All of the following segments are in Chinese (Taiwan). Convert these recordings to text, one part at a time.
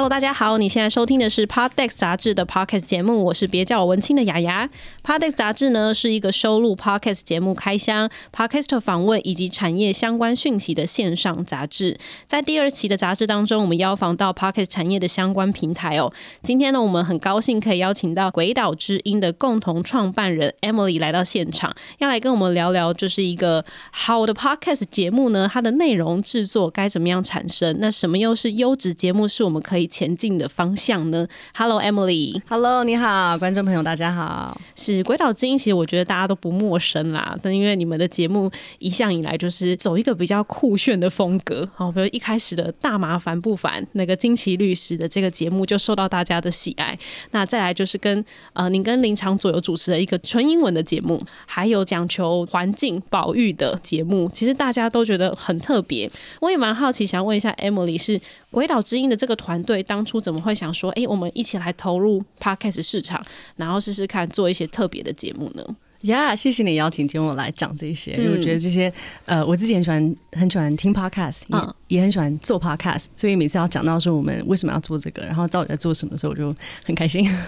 Hello，大家好！你現在收聽的是 Podcast 雜誌的 Podcast 節目，我是別叫我文青的雅雅。Podcast 雜誌呢是一個收錄 Podcast 節目開箱、Podcast 訪問以及產業相關訊息的線上雜誌。在第二期的雜誌當中，我們邀訪到 Podcast 產業的相關平台哦、喔。今天呢，我們很高興可以邀請到《鬼島之音》的共同創辦人 Emily 來到現場，要來跟我們聊聊，就是一個好的 Podcast 節目呢，它的內容製作該怎麼樣產生？那什麼又是優質節目是我們可以前進的方向呢？Hello Emily，Hello，你好，觀眾朋友，大家好。是《鬼島之音》，其實我覺得大家都不陌生啦。但因為你們的節目一向以來就是走一個比較酷炫的風格，好、哦，比如一開始的《大麻煩不煩》那個驚奇律師的這個節目就受到大家的喜愛。那再來就是跟呃，您跟林場左右主持的一個純英文的節目，還有講求環境保育的節目，其實大家都覺得很特別。我也蠻好奇，想問一下 Emily 是。《鬼島之音》的這個團隊當初怎麼會想說：“哎、欸，我們一起來投入 Podcast 市場，然後試試看做一些特別的節目呢？”呀，yeah, 謝謝你邀請請我來講這些，因為我覺得這些呃，我之前很喜歡很喜歡聽 Podcast，、嗯、也也很喜歡做 Podcast，所以每次要講到說我們為什麼要做這個，然後到底在做什麼的時候，我就很開心。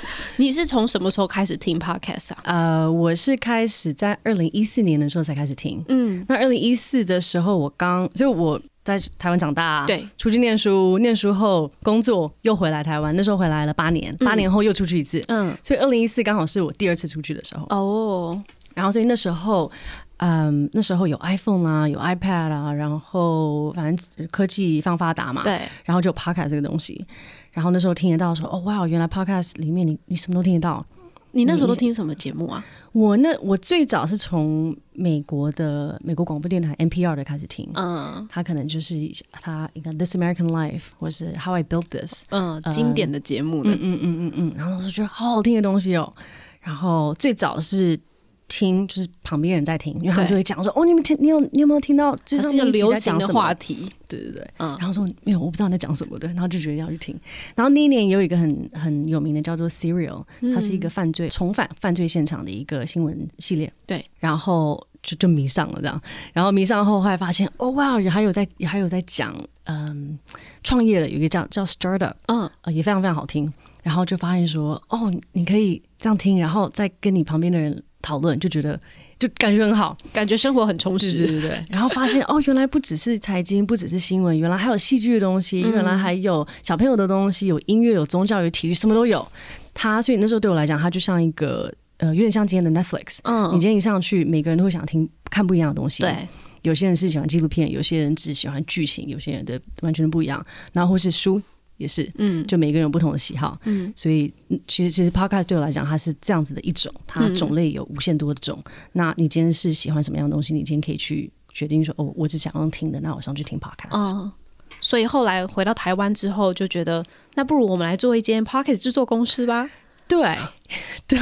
你是從什麼時候開始聽 Podcast 啊？呃，我是開始在二零一四年的時候才開始聽。嗯，那二零一四的時候我，我剛就我。在台灣長大啊，對，出去念書，念書後工作，又回來台灣。那時候回來了八年，八年後又出去一次，嗯，嗯，所以二零一四剛好是我第二次出去的時候。哦，然後所以那時候，嗯，那時候有 iPhone 啦、啊，有 iPad 啦、啊，然後反正科技放發達嘛，對，然後就有 Podcast 這個東西，然後那時候聽得到說，哦，哇，原來 Podcast 裡面你你什麼都聽得到。你那時候都聽什麼節目啊？我那我最早是從美國的美國廣播電台 NPR 的開始聽，嗯，他可能就是他一個 This American Life 或是 How I Built This，嗯，經典的節目的，的嗯嗯嗯嗯嗯，然後我就覺得好好聽的東西哦，然後最早是。聽就是旁邊人在聽，然後就會講說：“對哦，你們聽，你有你有沒有聽到？最近的流行的話題。”對對對，嗯，然後說沒有，我不知道你在講什麼。對，然後就覺得要去聽。然後那一年有一個很很有名的叫做 Serial，它是一個犯罪、嗯、重返犯罪現場的一個新聞系列。對，然後就就迷上了這樣，然後迷上後還發現哦，哇，也還有在還有在講嗯創業的，有一個叫叫 Startup，嗯，也非常非常好聽。然後就發現說哦，你可以這樣聽，然後再跟你旁邊的人，討論就覺得就感覺很好，感覺生活很充實，對對對。 然後發現哦，原來不只是財經，不只是新聞，原來還有戲劇的東西，原來還有小朋友的東西，嗯、有音樂，有宗教，有體育，什麼都有。他所以那時候對我來講，他就像一個呃，有點像今天的 Netflix。嗯，你今天一上去，每個人都會想聽看不一樣的東西。對，有些人是喜歡紀錄片，有些人只喜歡劇情，有些人的完全不一樣。然後或是書。也是，嗯，就每個人有不同的喜好，嗯，所以其實其實 podcast 對我來講，它是這樣子的一種，它種類有無限多種。嗯，那你今天是喜歡什麼樣的東西？你今天可以去決定說，哦，我只想要聽的，那我上去聽 podcast。哦，所以後來回到台灣之後，就覺得，那不如我們來做一間 podcast 制作公司吧。對，對，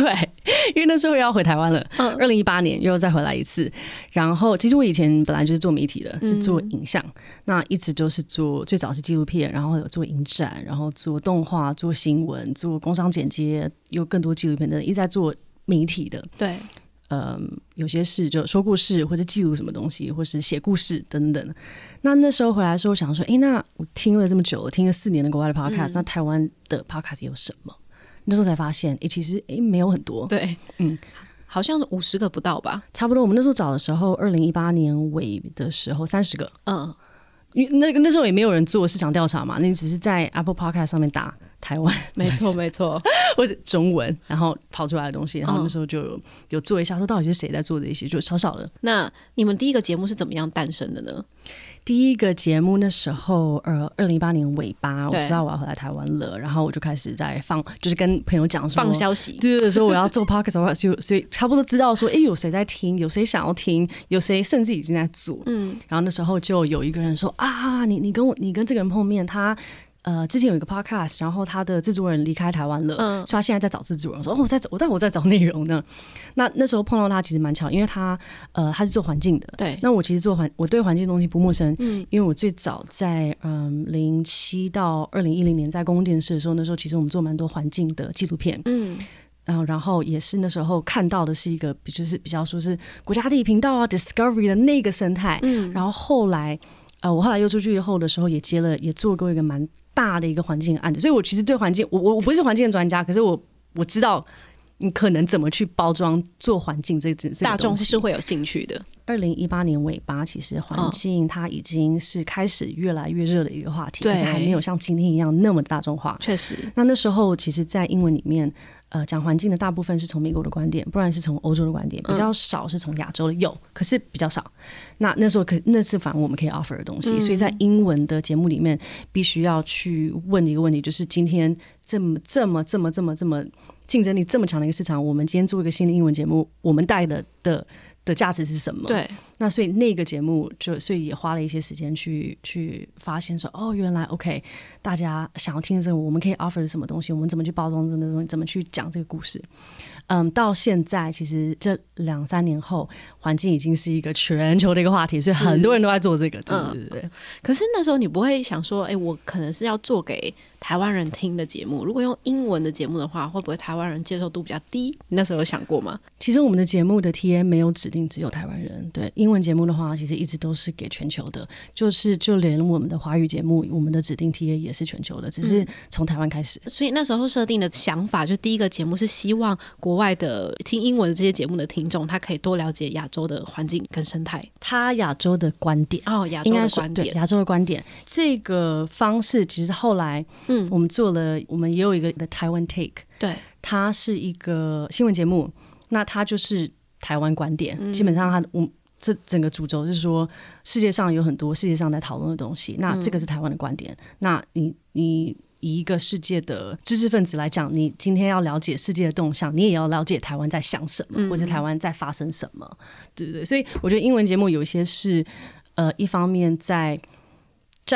因為那時候要回台灣了。嗯，二零一八年又再回來一次。然後，其實我以前本來就是做媒體的，是做影像，嗯、那一直就是做最早是紀錄片，然後有做影展，然後做動畫，做新聞，做工商剪接，有更多紀錄片等等，的一直在做媒體的。對，嗯，有些事就說故事，或者記錄什麼東西，或是寫故事等等。那那時候回來的時候，我想說，哎，那我聽了這麼久了，聽了四年的國外的 podcast，嗯、那台灣的 podcast 有什麼？那時候才發現，誒、欸，其實誒、欸，沒有很多。對，嗯，好像五十個不到吧，差不多。我們那時候找的時候，二零一八年尾的時候，三十個。嗯，因為那那時候也沒有人做市場調查嘛，那只是在 Apple Podcast 上面打。台灣，沒錯沒錯，或者中文，然後跑出來的東西，然後那時候就有做一下，說到底是誰在做這些，就小小的。那你們第一個節目是怎麼樣誕生的呢？第一個節目那時候，呃，二零一八年尾巴，我知道我要回來台灣了，對然後我就開始在放，就是跟朋友講說放消息，對、對、對、對，說我要做 podcast 的話，就所以差不多知道說，哎，有誰在聽，有誰想要聽，有誰甚至已經在做，嗯。然後那時候就有一個人說啊，你你跟我，你跟這個人碰面，他。呃，之前有一個 podcast，然後他的製作人離開台灣了，嗯，所以他現在在找製作人。說哦，我在找，我在我在找內容呢。那那時候碰到他其實蠻巧，因為他呃，他是做環境的，對。那我其實做環，我對環境的東西不陌生，嗯，因為我最早在嗯零七到二零一零年在公共電視的時候，那時候其實我們做蠻多環境的紀錄片，嗯，然後然後也是那時候看到的是一個，就是比較說是國家地理頻道啊、Discovery 的那個生態，嗯，然後後來呃，我後來又出去以後的時候，也接了，也做過一個蠻。大的一個環境案子，所以我其實對環境，我我不是環境專家，可是我我知道你可能怎麼去包裝做環境這個、這個東西，大眾是會有興趣的。二零一八年尾巴，其實環境它已經是開始越來越熱的一個話題，哦，而且還沒有像今天一樣那麼大眾化。確實，對，那那時候其實，在英文裡面呃，講環境的大部分是從美國的觀點，不然是從歐洲的觀點，比較少是從亞洲的、嗯、有，可是比較少。那那時候可那是反而我們可以 offer 的東西，嗯、所以在英文的節目裡面，必須要去問一個問題，就是今天這麼這麼這麼這麼這麼競爭力這麼強的一個市場，我們今天做一個新的英文節目，我們帶的的的價值是什麼？對。那所以那個節目就所以也花了一些時間去去發現說哦原來 OK 大家想要聽的這個我們可以 offer 什麼東西我們怎麼去包裝這個東西怎麼去講這個故事嗯到現在其實這兩三年後環境已經是一個全球的一個話題所以很多人都在做這個是對對對、嗯、可是那時候你不會想說哎我可能是要做給台灣人聽的節目如果用英文的節目的話會不會台灣人接受度比較低你那時候有想過嗎其實我們的節目的 TA 沒有指定只有台灣人對英文節目的話，其實一直都是給全球的，就是就連我們的華語節目，我們的指定 TA 也是全球的，只是從台灣開始，嗯。所以那時候設定的想法，就第一個節目是希望國外的聽英文的這些節目的聽眾，他可以多了解亞洲的環境跟生態，他亞洲的觀點哦，亞洲的觀點，對亞洲的觀點，觀點這個方式其實後來，嗯，我們做了，嗯、我們也有一個台灣 Take，對，它是一個新聞節目，那它就是台灣觀點，嗯、基本上它我。這整個主軸就是說，世界上有很多世界上在討論的東西。那這個是台灣的觀點。嗯、那你你以一個世界的知識分子來講，你今天要了解世界的動向，你也要了解台灣在想什麼，或者台灣在發生什麼，嗯、對對對。所以我覺得英文節目有一些是，呃，一方面在。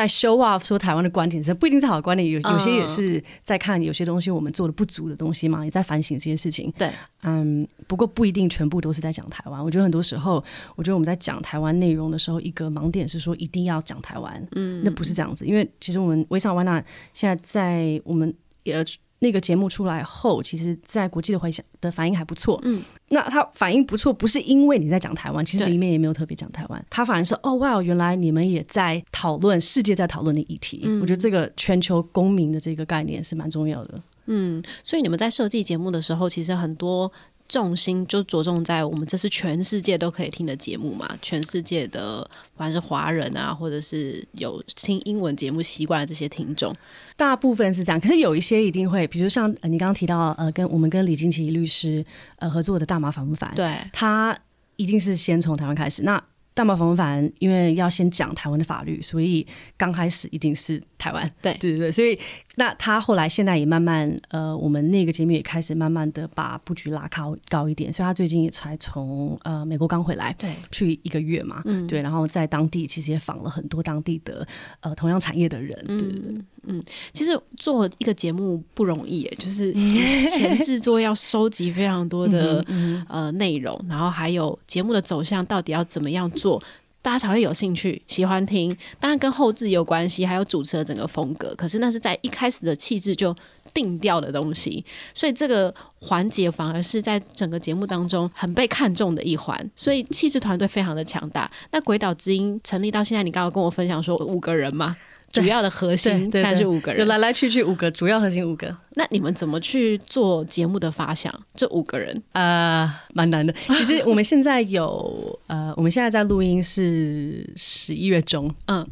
在 show off 說台灣的觀點是不一定是好的觀點，有有些也是在看有些東西我們做的不足的東西嘛，Oh. 也在反省這些事情。對，嗯，不過不一定全部都是在講台灣。我覺得很多時候，我覺得我們在講台灣內容的時候，一個盲點是說一定要講台灣。嗯，那不是這樣子，因為其實我們微莎萬娜現在在我們也那個節目出來後，其實，在國際的回響的反應還不錯。嗯，那他反應不錯，不是因為你在講台灣，其實裡面也沒有特別講台灣。對他反而說：‘哦，哇、wow，原來你們也在討論世界在討論的議題。嗯，我覺得這個全球公民的這個概念是蠻重要的。嗯，所以你們在設計節目的時候，其實很多。重心就着重在我們這是全世界都可以聽的節目嘛，全世界的反正是華人啊，或者是有聽英文節目習慣的這些聽眾，大部分是這樣。可是有一些一定會，比如像你剛剛提到呃，跟我們跟李金奇律師呃合作的《大麻反不反》，對，他一定是先從台灣開始。那《大麻反不反》，因為要先講台灣的法律，所以剛開始一定是台灣。對，對對對，所以。那他後來現在也慢慢，呃，我們那個節目也開始慢慢的把布局拉高高一點，所以他最近也才從呃美國剛回來，對，去一個月嘛，對，對，然後在當地其實也訪了很多當地的呃同樣產業的人，對對對，嗯，嗯，其實做一個節目不容易，欸，就是前製作要收集非常多的 呃內容，然後還有節目的走向到底要怎麼樣做。 大家才會有興趣喜歡聽，當然跟後製有關係，還有主持的整個風格。可是那是在一開始的氣質就定調的東西，所以這個環節反而是在整個節目當中很被看重的一環。所以氣質團隊非常的強大。那鬼島之音成立到現在，你剛剛跟我分享說五個人嗎？主要的核心還是五個人，來來去去五個主要核心五個。那你們怎麼去做節目的發想？這五個人呃，蠻難的。 其實我們現在有呃，我們現在在錄音是十一月中，嗯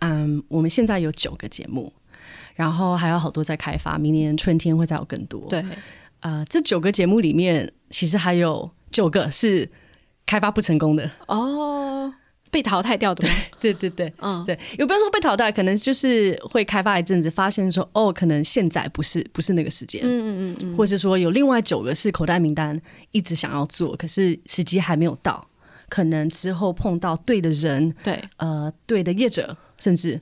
嗯、呃，我們現在有九個節目，然後還有好多在開發，明年春天會再有更多。對，呃，這九個節目裡面，其實還有九個是開發不成功的哦。被淘汰掉的，對對對對，嗯，對，也不要說被淘汰，可能就是會開發一陣子，發現說，哦，可能現在不是不是那個時間，嗯嗯嗯，或是說有另外九個是口袋名單，一直想要做，可是時機還沒有到，可能之後碰到對的人，對，呃，對的業者，甚至。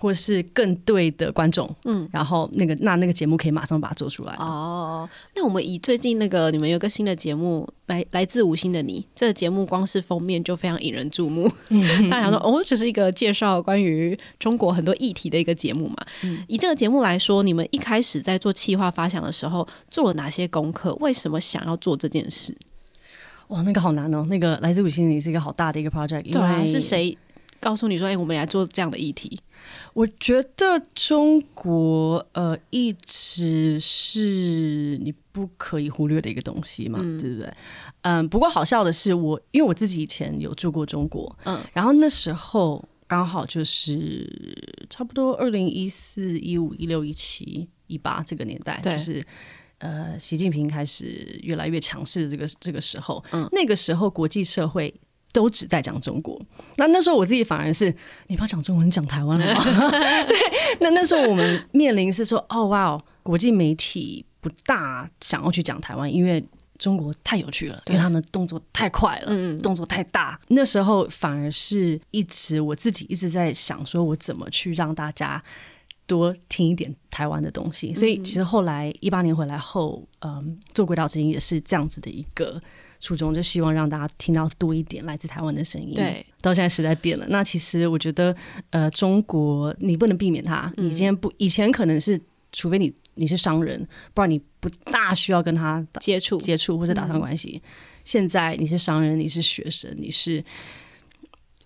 或是更對的觀眾，嗯，然後那個那那個節目可以馬上把它做出來。哦，那我們以最近那個你們有個新的節目，來來自五星的你，這個節目光是封面就非常引人注目。嗯、大家想說，我、嗯哦、這是一個介紹關於中國很多議題的一個節目嘛。嗯、以這個節目來說，你們一開始在做企劃發想的時候做了哪些功課？為什麼想要做這件事？哇，那個好難哦。那個來自五星的你是一個好大的一個 project，對、啊、為是誰？告訴你說，哎、欸，我們來做這樣的議題。我覺得中國呃一直是你不可以忽略的一個東西嘛，嗯、對不對？嗯，不過好笑的是我，我因為我自己以前有住過中國，嗯，然後那時候剛好就是差不多二零一四、一五、一六、一七、一八這個年代，對就是呃，習近平開始越來越強勢的這個這個時候，嗯，那個時候國際社會。都只在講中國，那那時候我自己反而是你不要講中文，你講台灣了嗎？ 對，那那時候我們面臨是說，哦哇，國際媒體不大想要去講台灣，因為中國太有趣了，對因為他們動作太快了，嗯、動作太大。那時候反而是一直我自己一直在想，說我怎麼去讓大家多聽一點台灣的東西。所以其實後來一八年回來後，嗯，做鬼島之音也是這樣子的一個。初衷就希望讓大家聽到多一點來自台灣的聲音。對，到現在時代變了。那其實我覺得，呃，中國你不能避免它。嗯、你今天不以前可能是，除非你你是商人，不然你不大需要跟他接觸、接觸或者打上關係。嗯、現在你是商人，你是學生，你是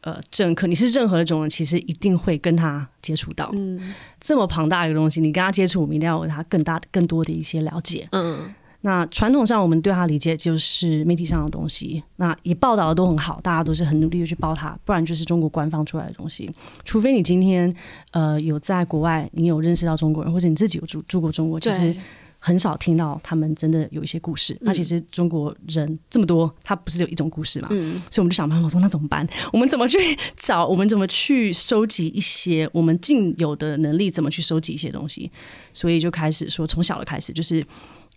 呃政客，你是任何一種人，其實一定會跟他接觸到。嗯、這麼龐大的一個東西，你跟他接觸，我們一定要有他更大、更多的一些了解。嗯。那傳統上我們對它理解就是媒體上的東西，那也報道的都很好，大家都是很努力的去報它，不然就是中國官方出來的東西。除非你今天呃有在國外，你有認識到中國人，或者你自己有住住過中國，其實很少聽到他們真的有一些故事。對那其實中國人這麼多，他不是有一種故事嘛？嗯，所以我們就想辦法說，那怎麼辦？我們怎麼去找？我們怎麼去收集一些我們現有的能力？怎麼去收集一些東西？所以就開始說從小的開始，就是。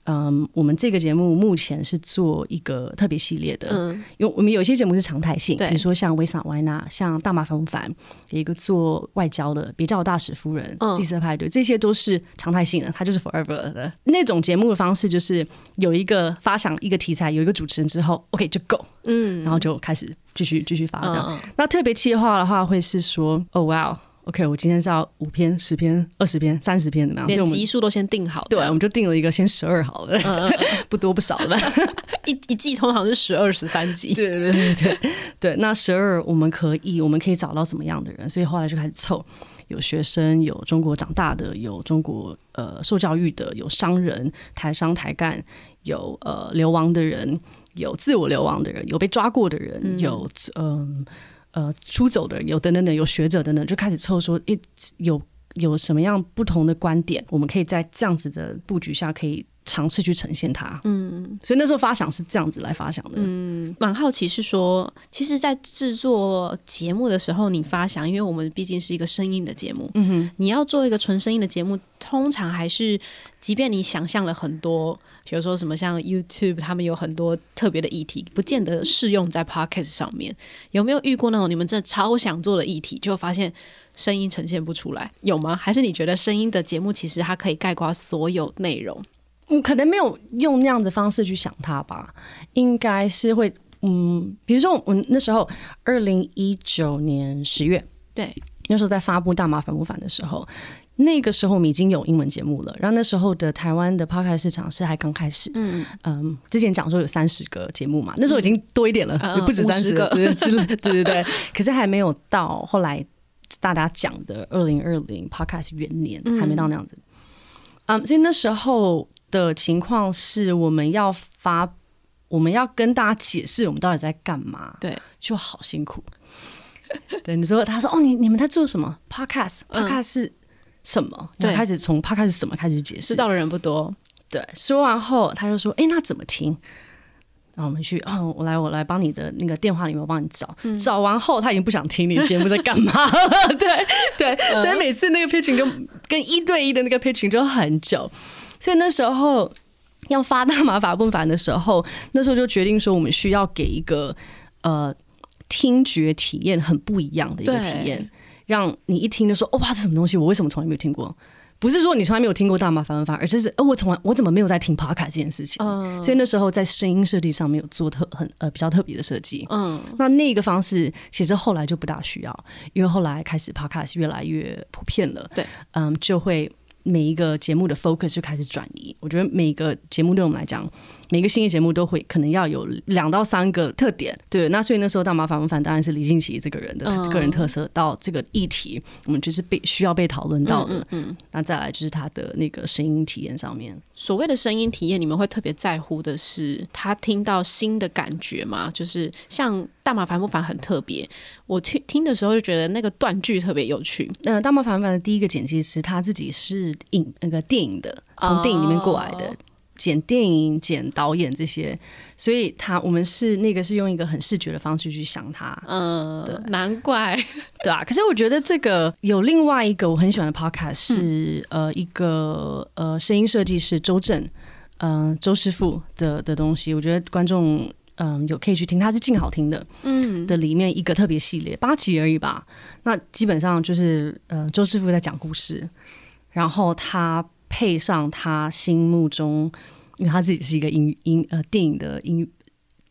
嗯，um, 我們這個節目目前是做一個特別系列的，因為、嗯、我們有些節目是常態性，對比如說像維薩瓦娜、像大麻煩不煩，有一個做外交的、別叫我大使夫人、記者派對，嗯、這些都是常態性的，它就是 forever 的那種節目的方式，就是有一個發想一個題材，有一個主持人之後，OK 就夠，嗯，然後就開始繼續繼續發展、嗯、那特別企劃的話，會是說，Oh wow。OK，我今天是要五篇、十篇、二十篇、三十篇怎麼樣？連集數都先定好對，我們就定了一個先，先十二好了， 不多不少的。 一一季通常是十二、十三集。對對對對對對。 對對，那十二我們可以，我們可以找到什麼樣的人？所以後來就開始湊，有學生，有中國長大的，有中國呃受教育的，有商人，台商台幹，有呃流亡的人，有自我流亡的人，有被抓過的人，有人嗯。有呃呃，出走的人有等等等，有學者等等，就開始湊說，一有有什麼樣不同的觀點，我們可以在這樣子的布局下，可以嘗試去呈現它。嗯，所以那時候發想是這樣子來發想的。嗯，蠻好奇是說，其實，在制作節目的時候，你發想，因為我們畢竟是一個聲音的節目。嗯哼，你要做一個純聲音的節目，通常還是。即便你想象了很多，比如說什麼像 YouTube，他們有很多特別的議題，不見得適用在 Podcast 上面。有沒有遇過那種你們這超想做的議題，就發現聲音呈現不出來？有嗎？還是你覺得聲音的節目其實它可以概括所有內容？我可能沒有用那樣的方式去想它吧，應該是會，嗯，比如說我那時候二零一九年十月，對，那時候在發布大麻煩不煩的時候。嗯那個時候我們已經有英文節目了，然後那時候的台灣的 Podcast 市場是還剛開始。嗯，嗯之前講說有三十個節目嘛，嗯、那時候已經多一點了，也、嗯、不止三十個 對，對，對對對，可是還沒有到後來大家講的二零二零 Podcast 元年，嗯、還沒到那樣子。嗯、um，所以那時候的情況是我們要發，我們要跟大家解釋我們到底在幹嘛，對，就好辛苦。 對，你說他說哦，你你們在做什麼 Podcast？Podcast Podcast 是、嗯什麼就開始，從他開始什麼開始解釋？知道的人不多。對，說完後他就說：“哎、欸，那怎麼聽？”然後我們去，嗯、哦，我來，我來幫你的那個電話裡面幫你找。嗯、找完後，他已經不想聽你節目在幹嘛了。 對對，所以每次那個配 n g 跟一對一的那個配 g 就很久。所以那時候要發大麻法不凡的時候，那時候就決定說，我們需要給一個呃聽覺體驗很不一樣的一個體驗。對讓你一聽就說哦，哇，這是什麼東西？我為什麼從來沒有聽過？不是說你從來沒有聽過大麻煩反，而就是哦、呃，我從來我怎麼沒有在聽 Podcast 這件事情？嗯、所以那時候在聲音設計上面有做特很呃比較特別的設計，嗯，那那個方式其實後來就不大需要，因為後來開始 Podcast 越來越普遍了，對，嗯，就會每一個節目的 focus 就開始轉移。我覺得每一個節目對我們來講。每個新的節目都會可能要有兩到三個特點，對，那所以那時候大麻煩不煩當然是李菁琪這個人的個人特色到這個議題，我們就是被需要被討論到的，嗯、嗯，那再來就是他的那個聲音體驗上面，所謂的聲音體驗，你們會特別在乎的是他聽到新的感覺嗎？就是像大麻煩不煩很特別，我聽聽的時候就覺得那個斷句特別有趣。呃，大麻煩不煩的第一個剪輯師，他自己是影那個電影的，從電影裡面過來的。哦剪電影、剪導演這些，所以他我們是那個是用一個很視覺的方式去想他。嗯、呃，對，難怪對啊。可是我覺得這個有另外一個我很喜歡的 podcast 是、嗯、呃一個呃聲音設計師周震，嗯、呃，周師傅的的東西，我覺得觀眾嗯、呃、有可以去聽，他是盡好聽的。嗯，的裡面一個特別系列，嗯、八集而已吧。那基本上就是嗯、呃、周師傅在講故事，然後他。配上他心目中，因為他自己是一個音音呃電影的音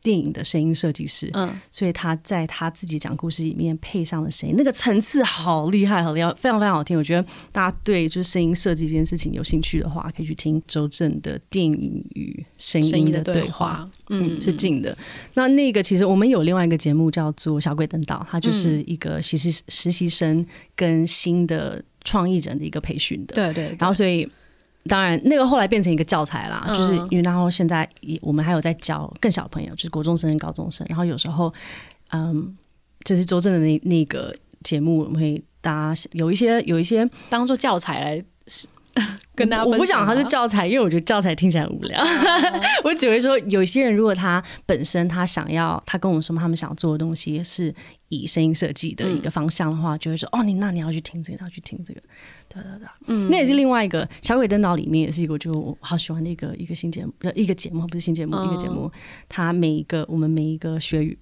電影的聲音設計師，嗯，所以他在他自己講故事裡面配上了聲音，那個層次好厲害，好厲害，非常非常好聽。我覺得大家對就是聲音設計這件事情有興趣的話，可以去聽周正的電影與聲音的對話，對話嗯，嗯是近的。那那個其實我們有另外一個節目叫做《小鬼登島》，他就是一個實習、嗯、實習生跟新的創意人的一個培訓的，對，對對，然後所以。當然，那個後來變成一個教材啦，嗯、就是因為然後現在也我們還有在教更小朋友，就是國中生、跟高中生，然後有時候，嗯，就是周正的那那個節目，我們會搭有一些有一些當做教材來。跟他，我不想他是教材，因為我覺得教材聽起來很無聊。 我只會說，有些人如果他本身他想要，他跟我說他們想要做的東西是以聲音設計的一個方向的話，嗯、就會說哦，你那你要去聽這個，你要去聽這個，對,對，對，對。嗯，那也是另外一個鬼島之音裡面也是一個，我覺得我好喜歡的一個一個新節目，一個節目不是新節目，一個節目，他、嗯、每一個我們每一個學員。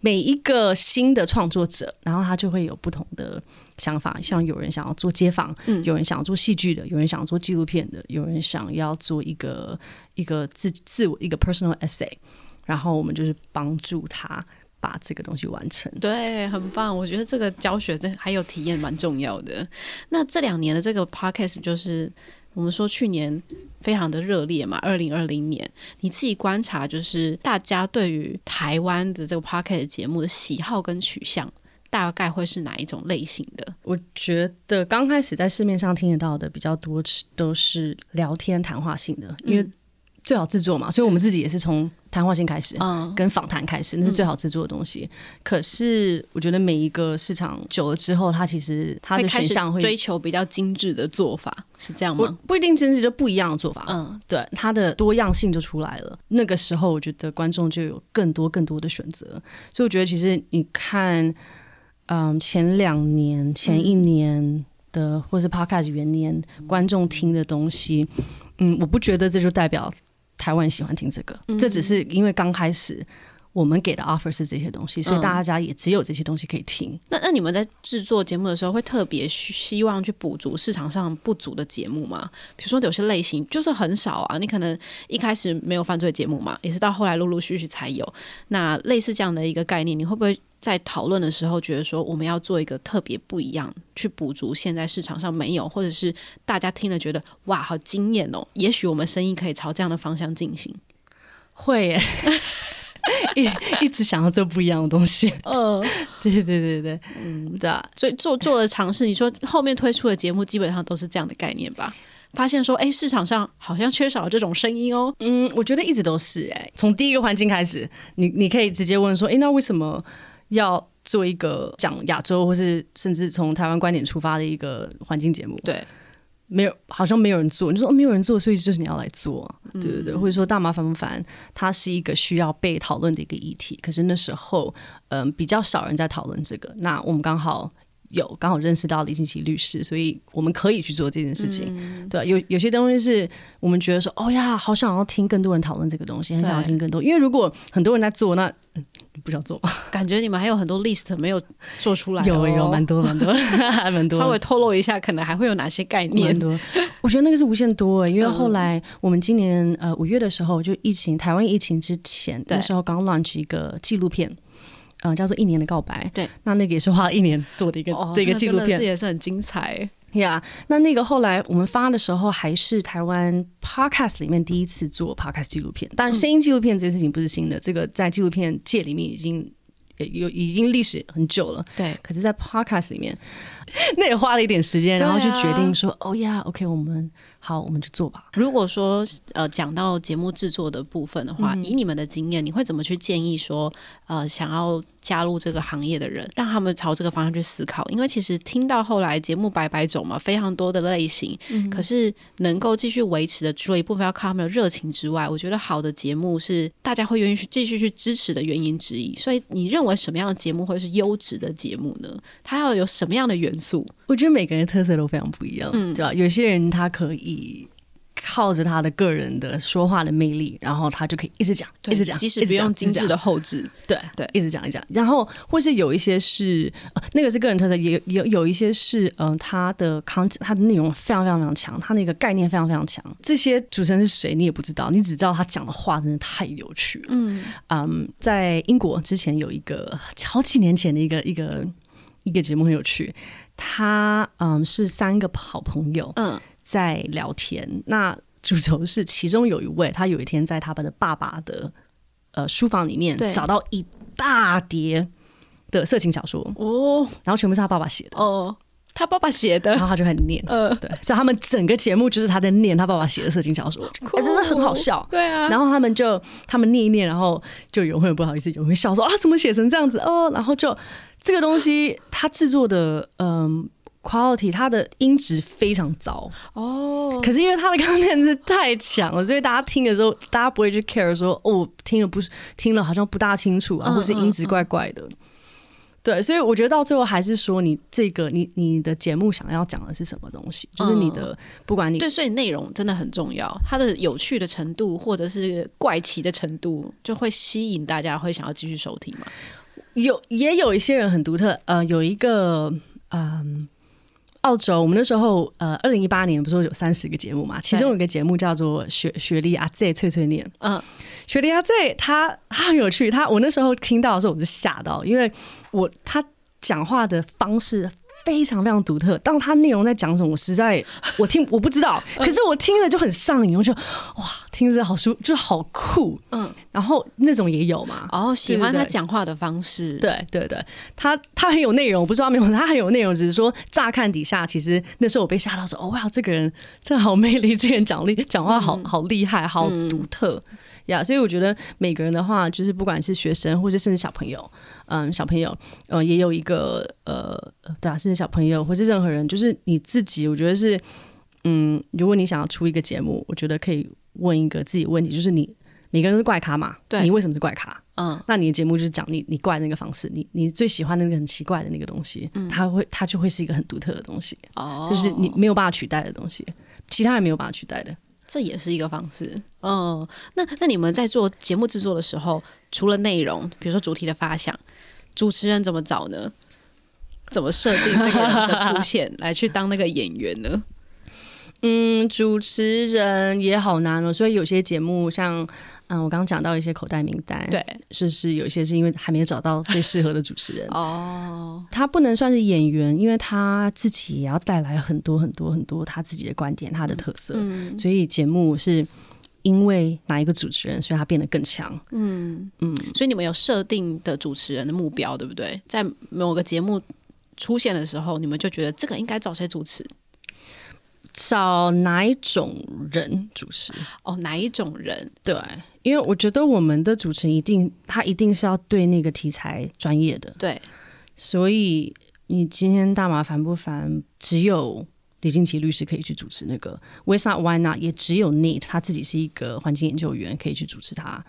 每一個新的創作者，然後他就會有不同的想法。像有人想要做街訪，有人想要做戲劇的，有人想要做紀錄片的，有人想要做一個一個自自我一個 personal essay。然後我們就是幫助他把這個東西完成。對，很棒。我覺得這個教學的還有體驗蠻重要的。那這兩年的這個 podcast 就是。我們說去年非常的熱烈嘛，二零二零年，你自己觀察，就是大家對於台灣的這個 Podcast 節目的喜好跟取向，大概會是哪一種類型的？我覺得剛開始在市面上聽得到的比較多，都是聊天談話性的，嗯、因為。最好製作嘛，所以我們自己也是從談話性開始，嗯，跟訪談開始，那是最好製作的東西。可是我覺得每一個市場久了之後，它其實它的選項會追求比較精緻的做法，是這樣嗎？不一定精緻，就不一樣的做法，嗯，對，它的多樣性就出來了。那個時候，我覺得觀眾就有更多更多的選擇。所以我覺得其實你看，嗯，前兩年、前一年的，或是 Podcast 元年，觀眾聽的東西，嗯，我不覺得這就代表。台灣人喜歡聽這個，這只是因為剛開始我們給的 offer 是這些東西，所以大家也只有這些東西可以聽。嗯、那那你們在制作節目的時候，會特別希望去補足市場上不足的節目嗎？比如說有些類型就是很少啊，你可能一開始沒有犯罪節目嘛，也是到後來陸陸續續才有。那類似這樣的一個概念，你會不會？在討論的時候，覺得說我們要做一個特別不一樣，去補足現在市場上沒有，或者是大家聽了覺得哇，好驚艷哦！也許我們聲音可以朝這樣的方向進行。會、欸、 一一直想要做不一樣的東西。嗯、哦， 對對對對，嗯對。所以做做了嘗試，你說後面推出的節目基本上都是這樣的概念吧？發現說，哎、欸，市場上好像缺少了這種聲音哦。嗯，我覺得一直都是哎、欸，從第一個環境開始，你你可以直接問說，哎、欸，那為什麼？要做一個講亞洲，或是甚至從台灣觀點出發的一個環境節目，對，沒有，好像沒有人做，你就說、哦、沒有人做，所以就是你要來做，嗯、對對對，或者說大麻反不反，它是一個需要被討論的一個議題，可是那時候，嗯，比較少人在討論這個，那我們剛好。有剛好認識到李菁琪律師，所以我們可以去做這件事情，嗯、對，有有些東西是我們覺得說，哦呀，好想要聽更多人討論這個東西，對很想要聽更多，因為如果很多人在做，那、嗯、不想做。感覺你們還有很多 list 沒有做出來。哦有，有有蠻多蠻多，蠻多。稍微透露一下，可能還會有哪些概念？蠻多。我覺得那個是無限多，因為後來我們今年呃五月的時候，就疫情台灣疫情之前對那時候剛 launch 一個紀錄片。嗯、呃，叫做一年的告白。對，那那個也是花了一年做的一個、哦、這個紀錄片，是也是很精彩。呀，yeah, 那那個後來我們發的時候，還是台灣 podcast 裡面第一次做 podcast 紀錄片。當然聲音紀錄片這件事情不是新的，嗯、這個在紀錄片界裡面已經有已經歷史很久了。對，可是，在 podcast 裡面，那也花了一點時間，然後就決定說，哦呀、啊 oh yeah，OK，我們。好，我們就做吧。如果說呃，講到節目製作的部分的話，嗯哼，以你們的經驗，你會怎麼去建議說呃，想要加入這個行業的人，讓他們朝這個方向去思考，因為其實聽到後來節目百百種嘛，非常多的類型，嗯，可是能夠繼續維持的，除了一部分要靠他們的熱情之外，我覺得好的節目是大家會願意去繼續去支持的原因之一。所以，你認為什麼樣的節目會是優質的節目呢？它要有什麼樣的元素？我覺得每個人特色都非常不一樣，嗯，對吧？有些人他可以。靠着他的個人的說話的魅力，然後他就可以一直講，一直講，即使不用精緻的後製，對對，對，一直講一講。然後或是有一些是，那個是個人特色，也有有一些是，嗯、呃，他的 content 他的內容非常非常非常強，他那個概念非常非常強。這些主持人是誰你也不知道，你只知道他講的話真的太有趣了。嗯嗯，um, 在英國之前有一個好幾年前的一個一個一個節目很有趣，他嗯是三個好朋友嗯。在聊天，那主軸是其中有一位，他有一天在他們的爸爸的呃書房裡面找到一大疊的色情小說哦，對然後全部是他爸爸寫的哦，他爸爸寫的，然後他就開始念，嗯、呃，對，所以他們整個節目就是他在念他爸爸寫的色情小說。酷欸、真的是很好笑，對啊，然後他們就他們念一念，然後就有人不好意思，有人笑說啊，怎麼寫成這樣子哦，然後就這個東西他製作的、啊、嗯。quality，它的音質非常糟哦。可是因為他的 content 是太強了，所以大家聽的時候，大家不會去 care 說哦，聽了不是聽了好像不大清楚啊，嗯、或是音質怪怪的。嗯嗯、對，所以我覺得到最後還是說，你這個你你的節目想要講的是什麼東西，就是你的、嗯、不管你對，所以內容真的很重要。它的有趣的程度或者是怪奇的程度，就會吸引大家會想要繼續收聽嘛。有也有一些人很獨特，呃，有一個嗯。呃澳洲，我們那時候，呃，二零一八年不是有三十個節目嘛？對其中有一個節目叫做雪雪莉阿 Z 脆脆念，嗯，雪莉阿 Z，她、uh, 他，他很有趣，他我那時候聽到的時候我就嚇到，因為我他講話的方式。非常非常獨特，當他內容在講什麼，我實在我聽我不知道， 嗯、可是我聽了就很上癮，我就哇聽着好舒，就好酷，嗯，然後那種也有嘛，哦，喜歡他講話的方式，對對對，對對，他他很有內容，我不知道他沒有，他很有內容，只是說乍看底下，其實那時候我被嚇到說，哦哇，這個人真好魅力，這個人講力講話好好厲害，好獨特呀，嗯嗯 yeah, 所以我覺得每個人的話，就是不管是學生，或是甚至小朋友。嗯，小朋友，呃、嗯，也有一個，呃，對啊，甚至小朋友或是任何人，就是你自己，我覺得是，嗯，如果你想要出一個節目，我覺得可以問一個自己問題，就是你每個人都是怪咖嘛，對，你為什麼是怪咖？嗯，那你的節目就是講你你怪的那個方式，你你最喜歡的那個很奇怪的那個東西，嗯、它會它就會是一個很獨特的東西，哦，就是你沒有辦法取代的東西，其他人沒有辦法取代的。這也是一個方式。嗯、哦，那那你們在做節目製作的時候，除了內容，比如說主題的發想，主持人怎麼找呢？怎麼設定這個人的出現來去當那個演員呢？ 嗯，主持人也好難哦，所以有些節目像。嗯，我剛剛講到一些口袋名單，對，是是有一些是因為還沒有找到最適合的主持人 哦，他不能算是演員，因為他自己也要帶來很多很多很多他自己的觀點、嗯、他的特色，所以節目是因為哪一個主持人，所以他變得更強。嗯嗯，嗯所以你們有設定的主持人的目標，對不對？在某個節目出現的時候，你們就覺得這個應該找誰主持？找哪一種人主持？哦，哪一種人？對，因為我覺得我們的主持人一定，他一定是要對那個題材專業的。對，所以你今天大麻煩不煩？只有李菁琪律師可以去主持那個。為什麼 Why not？也只有 Nick, 他自己是一個環境研究員，可以去主持他。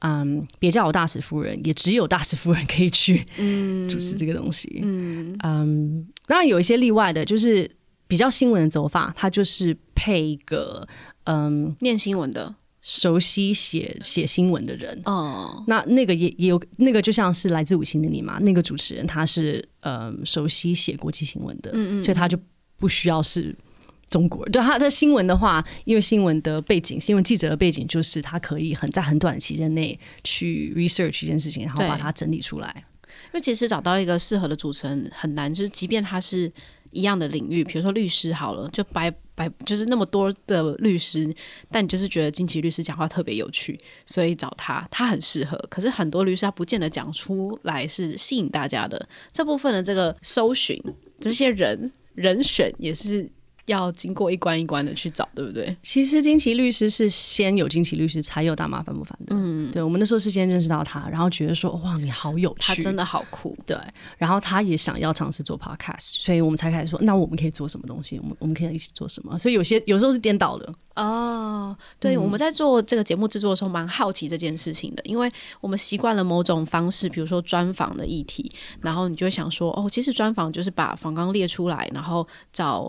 嗯、um,，別叫我大使夫人，也只有大使夫人可以去主持這個東西。嗯嗯，um, 當然有一些例外的，就是。比較新聞的走法，他就是配一個嗯，念新聞的，熟悉寫寫新聞的人。哦，oh. 那那個也也有那個，就像是來自五星的你嘛。那個主持人他是嗯熟悉寫國際新聞的，mm hmm. 所以他就不需要是中國人。Mm hmm. 對他的新聞的話，因為新聞的背景，新聞記者的背景就是他可以很在很短的時間內去 research 一件事情，然後把它整理出來。因為其實找到一個適合的主持人很難，就是即便他是。一樣的領域，比如說律師好了，就百百就是那麼多的律師，但你就是覺得金奇律師講話特別有趣，所以找他，他很適合。可是很多律師他不見得講出來是吸引大家的，這部分的這個搜尋，這些人，人選也是。要經過一關一關的去找，對不對？其實驚奇律師是先有驚奇律師，才有大麻煩不煩的。嗯，對。我們那時候是先認識到他，然後覺得說，哇，你好有趣，他真的好酷。對。然後他也想要嘗試做 podcast，所以我們才開始說，那我們可以做什麼東西？我們我們可以一起做什麼？所以有些有時候是顛倒的哦。對，嗯、我們在做這個節目製作的時候，蠻好奇這件事情的，因為我們習慣了某種方式，比如說專訪的議題，然後你就會想說，哦，其實專訪就是把訪綱列出來，然後找。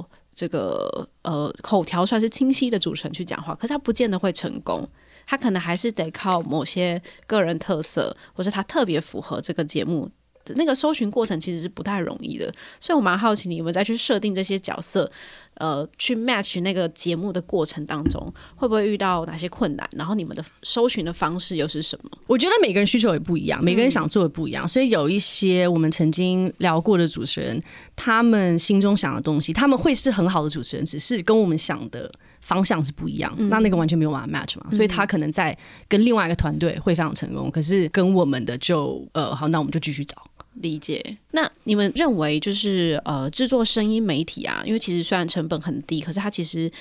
這個呃口條算是清晰的主持人去講話，可是他不見得會成功，他可能還是得靠某些個人特色，或是他特別符合這個節目。那個搜尋過程其實是不太容易的，所以我蠻好奇你們在去設定這些角色，呃，去 match 那個節目的過程當中，會不會遇到哪些困難？然後你們的搜尋的方式又是什麼？我覺得每個人需求也不一樣，每個人想做的不一樣，嗯、所以有一些我們曾經聊過的主持人，他們心中想的東西，他們會是很好的主持人，只是跟我們想的方向是不一樣，嗯、那那個完全沒有辦法 match 嘛，嗯、所以他可能在跟另外一個團隊會非常成功，可是跟我們的就呃，好，那我們就繼續找。理解。那你們認為就是呃製作聲音媒體啊，因為其實雖然成本很低，可是它其實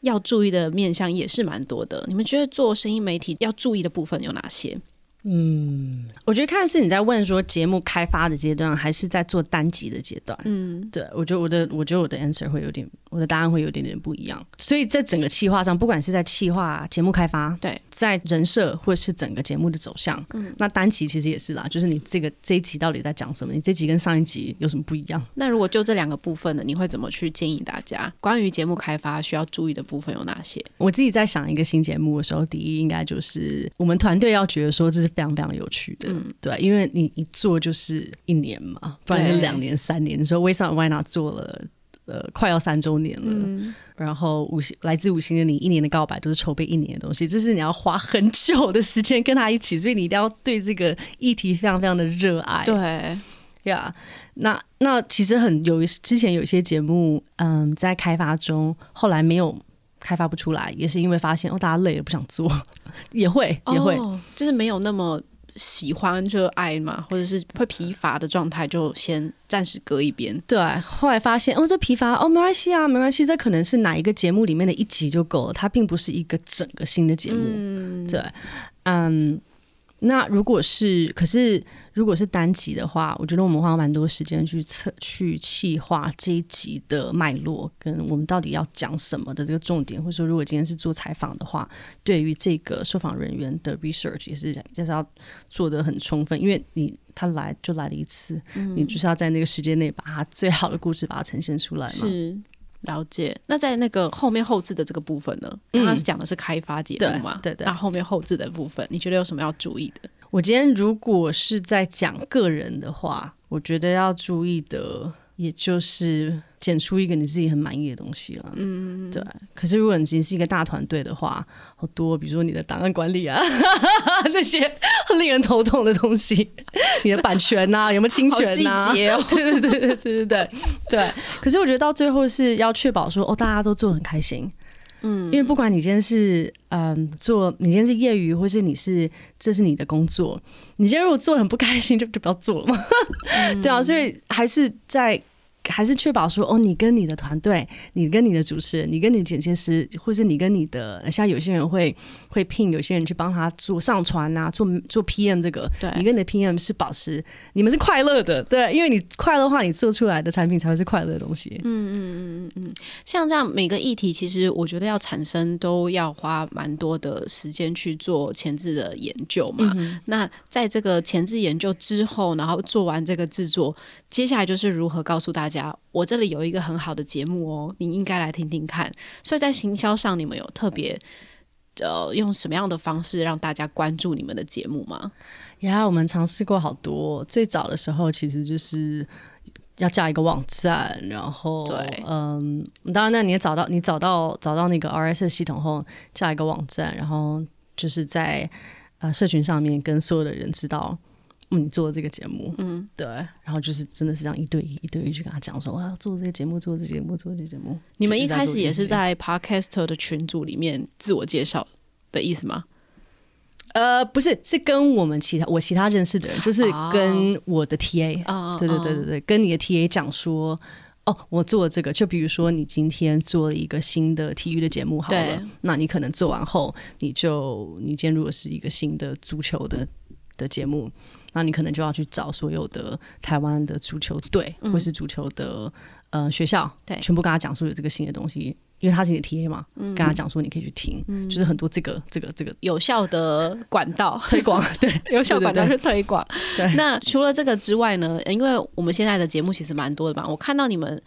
要注意的面向也是蠻多的。你們覺得做聲音媒體要注意的部分有哪些？嗯，我覺得看是你在問說節目開發的階段，還是在做單集的階段？嗯，對，我覺得我的，我覺得我的 answer 會有點，我的答案會有點點不一樣。所以在整個企劃上，不管是在企劃節目開發，對，在人設或是整個節目的走向，嗯，那單集其實也是啦，就是你這個這一集到底在講什麼？你這集跟上一集有什麼不一樣？那如果就這兩個部分呢，你會怎麼去建議大家？關於節目開發需要注意的部分有哪些？我自己在想一個新節目的時候，第一應該就是我們團隊要覺得說這是。非常非常有趣的，嗯、對，因為你一做就是一年嘛，嗯、不然兩年、三年的時候，Why Not 做了呃快要三週年了，嗯、然後五星，來自《五星的你》一年的告白都是籌備一年的東西，這是你要花很久的時間跟他一起，所以你一定要對這個議題非常非常的熱愛。對，呀、yeah，那那其實很有之前有些節目，嗯，在開發中後來沒有。開發不出來，也是因為發現哦，大家累了不想做，也會也會，oh, 就是沒有那麼喜歡就愛嘛，或者是會疲乏的狀態，就先暫時擱一邊。對，後來發現哦，這疲乏哦，沒關係啊，沒關係，這可能是哪一個節目裡面的一集就夠了，它並不是一個整個新的節目。嗯、對，嗯、um,。那如果是，可是如果是單集的話，我覺得我們花蠻多時間去策去企劃這一集的脈絡，跟我們到底要講什麼的這個重點。或者說，如果今天是做採訪的話，對於這個受訪人員的 research 也是就是要做得很充分，因為你他來就來了一次，嗯、你就是要在那個時間內把他最好的故事把它呈現出來嘛。是。了解，那在那個後面後製的這個部分呢？嗯，講的是開發節目嘛，嗯、對，對對。那後面後製的部分，你覺得有什麼要注意的？我今天如果是在講個人的話，我覺得要注意的。也就是剪出一個你自己很滿意的東西了，嗯，對。可是如果你是一個大團隊的話，好多，比如說你的檔案管理啊， 那些令人頭痛的東西，你的版權吶、啊，好有沒有侵權吶、啊？細節、哦、對對對對對對對對， 對。可是我覺得到最後是要確保說，哦，大家都做得很開心，嗯，因為不管你今天是嗯做，你今天是業餘，或是你是這是你的工作，你今天如果做得很不開心，就就不要做了嘛， 嗯、對啊，所以還是在。還是確保說哦，你跟你的團隊，你跟你的主持人，你跟你的剪接師，或是你跟你的，像有些人會會聘有些人去幫他做上傳吶、啊，做做 PM 這個，對，你跟你的 PM 是保持你們是快樂的，對，因為你快樂的話，你做出來的產品才會是快樂的東西。嗯嗯嗯嗯嗯，像這樣每個議題其實我覺得要產生都要花蠻多的時間去做前置的研究嘛。嗯、哼那在這個前置研究之後，然後做完這個制作，接下來就是如何告訴大家。我這裡有一個很好的節目哦，你應該來聽聽看。所以在行銷上，你們有特別就、呃、用什麼樣的方式讓大家關注你們的節目嗎？呀，我們嘗試過好多。最早的時候，其實就是要架一個網站，然後對，嗯，當然，那你也找到，你找到找到那個 RSS 系統後，架一個網站，然後就是在啊、呃、社群上面跟所有的人知道。嗯，你做這個節目，嗯，對，然後就是真的是這樣一對一一對一去跟他講說，我要做這個節目，做這個節目，做這個節目。你們一開始也是在 Podcaster 的群組裡面自我介紹的意思嗎？呃，不是，是跟我們其他我其他認識的人，就是跟我的 TA、哦、對對對對對，跟你的 TA 講說，哦，我做這個，就比如說你今天做了一個新的體育的節目好了，對那你可能做完後，你就你今天如果是一個新的足球的的節目。那你可能就要去找所有的臺灣的足球隊，嗯、或是足球的呃學校，對，全部跟他講說有這個新的東西，因為他是你的 T A 嘛，嗯、跟他講說你可以去聽，嗯、就是很多這個這個這個有效的管道推廣， 對，有效管道是推廣。對，對，對，對。那除了這個之外呢，因為我們現在的節目其實蠻多的嘛，我看到你們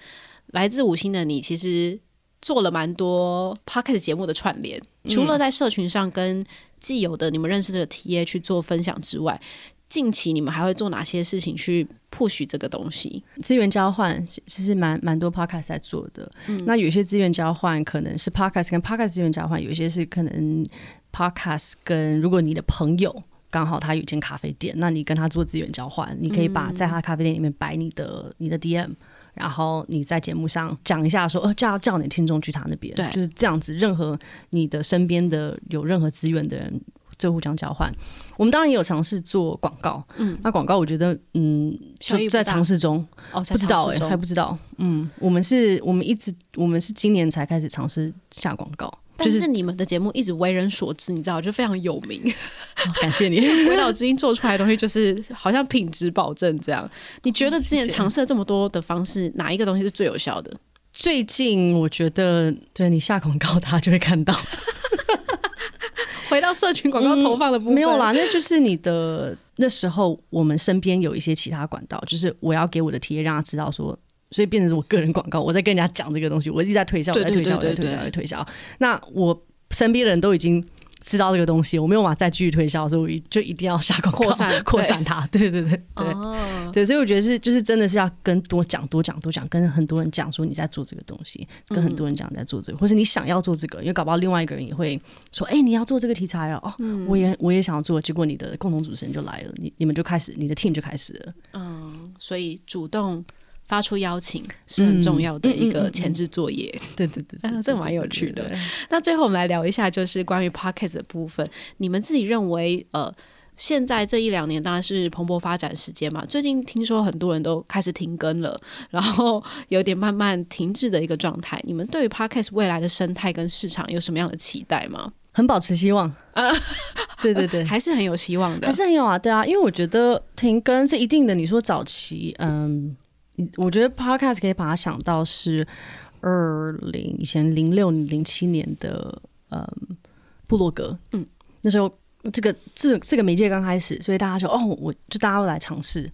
來自五星的你，其實做了蠻多 Podcast 節目的串聯，嗯、除了在社群上跟既有的你們認識的 T A 去做分享之外。近期你們還會做哪些事情去 push 這個東西？資源交換其實蠻蠻多 podcast 在做的。嗯、那有些資源交換可能是 podcast 跟 podcast 資源交換，有些是可能 podcast 跟，如果你的朋友剛好他有間咖啡店，那你跟他做資源交換，嗯、你可以把在他的咖啡店裡面擺你的你的 DM，然後你在節目上講一下說，呃，叫叫你聽眾去他那邊，對，就是這樣子。任何你的身邊的有任何資源的人，就互相交換，我們當然也有嘗試做廣告，嗯，那廣告我覺得，嗯，像在嘗試中，哦，不知道哎，還不知道，嗯，我們是，我們一直，我們是今年才開始嘗試下廣告，但是你們的節目一直為人所知，你知道，就非常有名，哦、感謝你，鬼島 之音做出來的東西就是好像品質保證這樣。哦、你覺得之前嘗試了這麼多的方式，哦、謝謝，哪一個東西是最有效的？最近我覺得，對，你下廣告，大家就會看到。回到社群廣告投放的部分、嗯、沒有啦，那就是你的那時候，我們身邊有一些其他管道， 就是我要給我的體驗，讓他知道說，所以變成是我個人廣告，我在跟人家講這個東西，我一直在推銷，我在推銷，我在推銷，我在推銷。對對對對對，那我身邊的人都已經。知道這個東西，我沒有辦法再繼續推銷，所以我就一定要下個擴散， 擴散它，對，對對對對、哦、對，所以我覺得是就是真的是要跟多講多講多講，跟很多人講說你在做這個東西，嗯、跟很多人講你在做這個，或是你想要做這個，因為搞不好另外一個人也會說，哎、欸，你要做這個題材哦，哦，我也我也想要做，結果你的共同主持人就來了，你你們就開始你的 team 就開始了，嗯，所以主動。發出邀請是很重要的一個前置作業。嗯嗯嗯嗯、對對對，這個蠻有趣的。那最後我們來聊一下，就是關於 Podcast 的部分。你們自己認為，呃，現在這一兩年當然是蓬勃發展時間嘛。最近聽說很多人都開始停更了，然後有點慢慢停滯的一個狀態。你們對於 Podcast 未來的生態跟市場有什麼樣的期待嗎？很保持希望啊！ 對對對,對，還是很有希望的，還是很有啊！對啊，因為我覺得停更是一定的。你說早期，嗯。我覺得 Podcast 可以把它想到是二零以前零六零七年的嗯部落格。嗯，嗯，那時候這個這個、這個媒介剛開始，所以大家就哦，我就大家會來嘗試，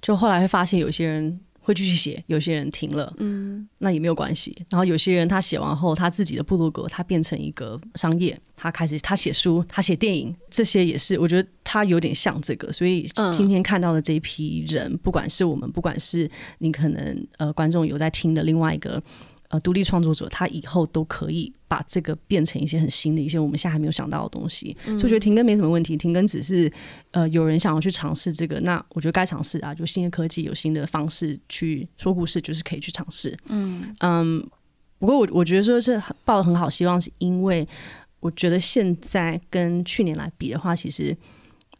就後來會發現有些人會繼續寫，有些人停了，嗯，那也沒有關係。然後有些人他寫完後，他自己的部落格，他變成一個商業，他開始他寫書，他寫電影，這些也是我覺得他有點像這個。所以今天看到的這一批人，嗯、不管是我們，不管是你可能呃觀眾有在聽的另外一個呃獨立創作者，他以後都可以，把這個變成一些很新的一些我們現在還沒有想到的東西，嗯，所以我覺得停更沒什麼問題，停更只是呃有人想要去嘗試這個，那我覺得該嘗試啊，就新的科技有新的方式去說故事，就是可以去嘗試。嗯嗯，um, 不過我我覺得說是抱得很好希望，是因為我覺得現在跟去年來比的話，其實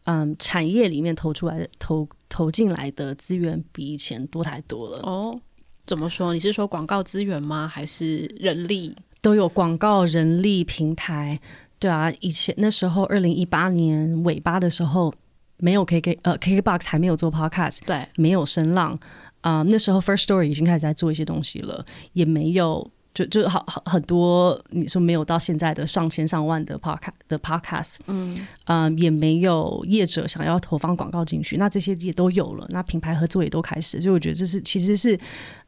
嗯產業裡面投出來的投投進來的資源比以前多太多了。哦，怎麼說？你是說廣告資源嗎？還是人力？都有廣告人力平台，對啊，以前那時候二零一八年尾巴的時候，沒有 KK 呃，KKBOX 還沒有做 Podcast，對，沒有聲浪啊，嗯。那時候 First Story 已經開始在做一些東西了，也沒有就就好，好很多，你說沒有到現在的上千上萬的 Podcast 的 Podcast，嗯，嗯，也沒有業者想要投放廣告進去，那這些也都有了，那品牌合作也都開始，所以我覺得這是其實是。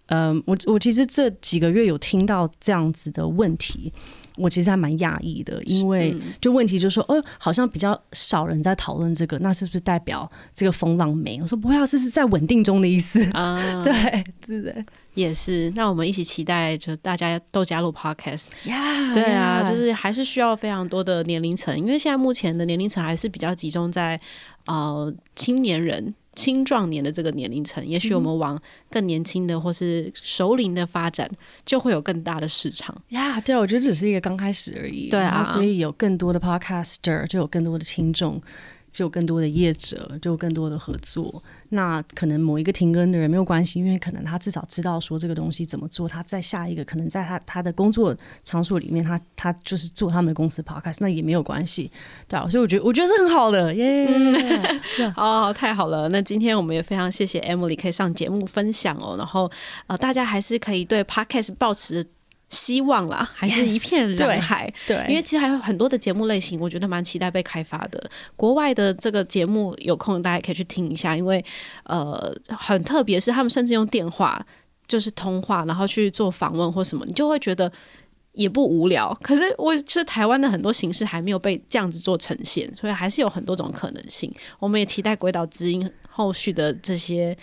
嗯，我我其實這幾個月有聽到這樣子的問題，我其實還蠻訝異的，因為就問題就是說，是嗯、哦，好像比較少人在討論這個，那是不是代表這個風浪沒？我說不會、啊、這是在穩定中的意思啊，嗯、對，對是是，也是。那我們一起期待，就是大家都加入 Podcast，Yeah, 對啊，yeah 就是還是需要非常多的年齡層，因為現在目前的年齡層還是比較集中在呃青年人。青壯年的這個年齡層，也許我們往更年輕的或是熟齡的發展，就會有更大的市場。呀、yeah, 啊，對，我覺得只是一個剛開始而已。對啊，所以有更多的 podcaster，就有更多的聽眾。就有更多的業者，就有更多的合作。那可能某一個停更的人沒有關係，因為可能他至少知道說這個東西怎麼做。他在下一個可能在他他的工作場所裡面，他他就是做他們公司 podcast，那也沒有關係，對啊，所以我覺得我覺得是很好的耶！Yeah, yeah, yeah, yeah. Yeah. 哦，太好了！那今天我們也非常謝謝 Emily 可以上節目分享哦，然後呃，大家還是可以對 podcast 抱持希望啦，還是一片人海。Yes, 對，對。因為其實還有很多的節目類型，我覺得蠻期待被開發的。國外的這個節目有空大家可以去聽一下，因為呃，很特別是他們甚至用電話就是通話，然後去做訪問或什麼，你就會覺得也不無聊。可是我覺得台灣的很多形式還沒有被這樣子做呈現，所以還是有很多種可能性。我們也期待《鬼島之音》後續的這些。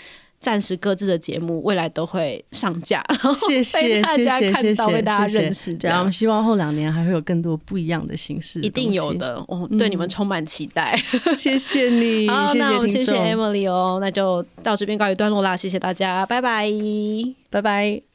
暫時各自的節目，未來都會上架，然後謝謝，被大家看到，謝，被大家認識這樣。然後希望後兩年還會有更多不一樣的形式的，一定有的哦，嗯，對你們充滿期待。謝謝你，好，謝謝，那我們謝謝 Emily 哦，那就到這邊告一段落啦，謝謝大家，拜拜，拜拜。